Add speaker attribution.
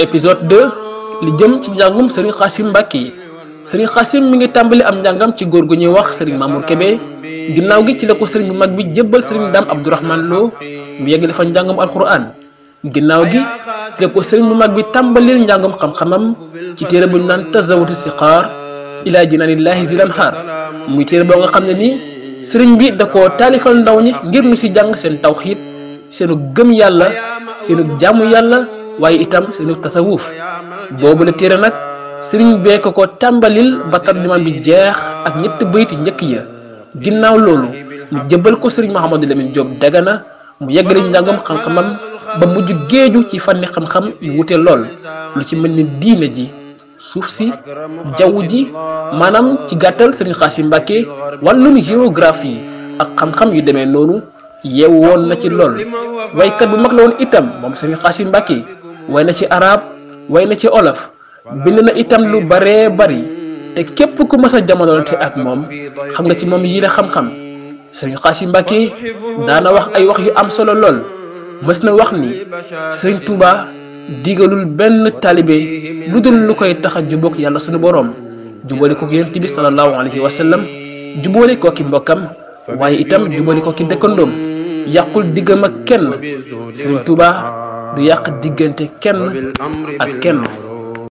Speaker 1: épisode 2 li jëm ci njàngum Serigne Khassim Mbacké yi Serigne Khassim mi ngi tàmbali am njàngam ci góor gu ñuy wax sëriñ Mamour Kébé ginnaaw gi ci la ko Serigne bu mag bi jébbal Serigne Dame Abdourahmane Lo mu yeggale fa njàngam alxuraan ginnaaw gi ci la ko Serigne bu mag bi tàmbalil njàngum xam-xamam ci téere bu ñu naan Tazawudu Sixaar ilaa jinaanillaahi zilan xaar muy téere boo nga xam ne nii Serigne bi da ko taalifal ndaw ñi ngir ñu si jàng seen tawxiid seenu gëm yàlla seenu jaamu yàlla. waaye itam seenu tasawuf boobu la téere nag sëriñ bee ko ko tàmbalil ba tarjumaa bi jeex ak ñetti bayit njëkk ya ginnaaw mu ko Lamine Dagana mu yeggale njàngam xam ba mujj géeju ci fànni xam-xam yu wute lool lu ci mel ni ji suuf si jaww ji maanaam ci gàttal sëriñ Xaasim Mbàkke wàllum géographie ak xam-xam yu demee noonu woon na ci lool waykat bu mag la woon itam moom sëriñ Xaasim Mbàkke way na ci arab way na ci olof bind na itam lu bare bari te képp ku jamono a jamonoonte ak moom xam nga ci moom yii la xam-xam sëriñ yi Mbàkke daana wax ay wax yu am solo lool mës na wax ni sëriñ Tuuba digalul benn taalibe lu dul lu koy tax a jubóog yàlla suñu boroom jubóole ko yonent bi sallallahu alayhi wa sallam ki mbokkam waaye itam jubóole ko ki dëkkandoom yàqul diggam ak kenn sëriñ Tuuba du yàq diggante kenn ak kenn